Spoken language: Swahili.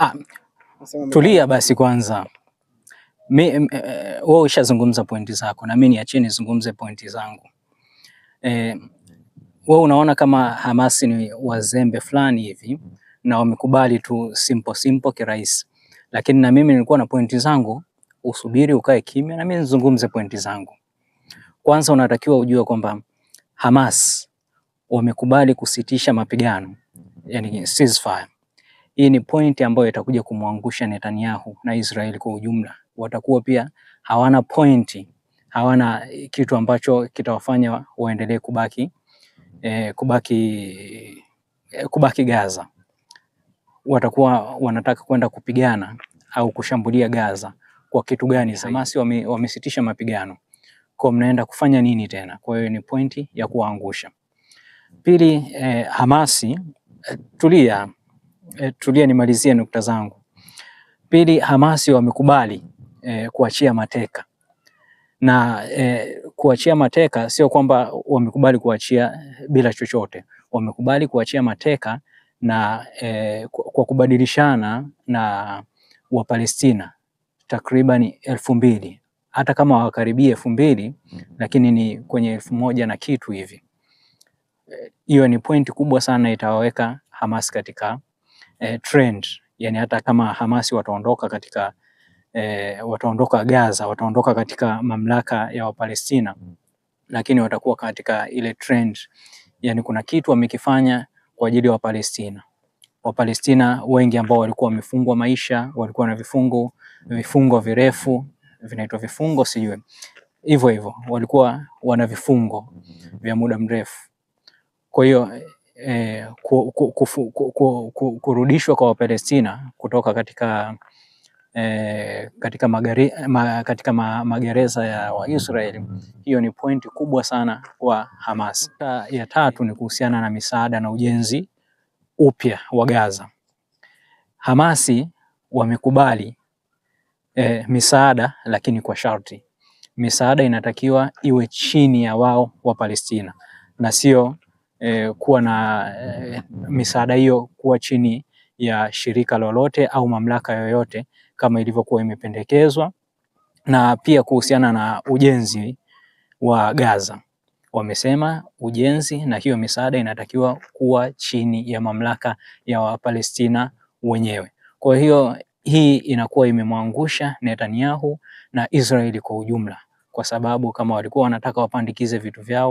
Ah, tulia basi kwanza. Mi eh, wewe ushazungumza pointi zako, na mimi niachie nizungumze pointi zangu. E, wewe unaona kama Hamasi ni wazembe fulani hivi na wamekubali tu simple simple kirahisi, lakini na mimi nilikuwa na pointi zangu. Usubiri ukae kimya na mimi nizungumze pointi zangu. Kwanza unatakiwa ujue kwamba Hamas wamekubali kusitisha mapigano, yani ceasefire hii ni point ambayo itakuja kumwangusha Netanyahu na Israeli kwa ujumla. Watakuwa pia hawana point, hawana kitu ambacho kitawafanya waendelee kubaki eh, kubaki eh, kubaki Gaza. Watakuwa wanataka kwenda kupigana au kushambulia Gaza kwa kitu gani? Hamasi wame, wamesitisha mapigano kwa mnaenda kufanya nini tena? Kwa hiyo ni pointi ya kuwaangusha. Pili, eh, Hamasi eh, tulia e, tulia nimalizie nukta zangu. Pili, Hamasi wamekubali e, kuachia mateka na e, kuachia mateka sio kwamba wamekubali kuachia bila chochote, wamekubali kuachia mateka na e, kwa kubadilishana na Wapalestina takribani elfu mbili hata kama hawakaribia elfu mbili lakini ni kwenye elfu moja na kitu hivi. Hiyo ni pointi kubwa sana, itawaweka Hamas katika eh, trend yani, hata kama Hamasi wataondoka katika eh, wataondoka Gaza, wataondoka katika mamlaka ya Wapalestina, mm. lakini watakuwa katika ile trend, yani kuna kitu wamekifanya kwa ajili ya Wapalestina. Wapalestina wengi ambao walikuwa wamefungwa maisha, walikuwa na vifungo vifungo virefu vinaitwa vifungo, sijui hivyo hivyo, walikuwa wana vifungo mm. vya muda mrefu, kwa hiyo eh, kurudishwa kwa Wapalestina kutoka katika eh, katika, magari, ma, katika ma, magereza ya Waisraeli. Hiyo ni pointi kubwa sana kwa Hamas. Ya tatu ni kuhusiana na misaada na ujenzi upya wa Gaza. Hamasi wamekubali eh, misaada lakini kwa sharti. Misaada inatakiwa iwe chini ya wao wa Palestina na sio eh, kuwa na eh, misaada hiyo kuwa chini ya shirika lolote au mamlaka yoyote kama ilivyokuwa imependekezwa. Na pia kuhusiana na ujenzi wa Gaza, wamesema ujenzi na hiyo misaada inatakiwa kuwa chini ya mamlaka ya Wapalestina wenyewe. Kwa hiyo hii inakuwa imemwangusha Netanyahu na Israeli kwa ujumla, kwa sababu kama walikuwa wanataka wapandikize vitu vyao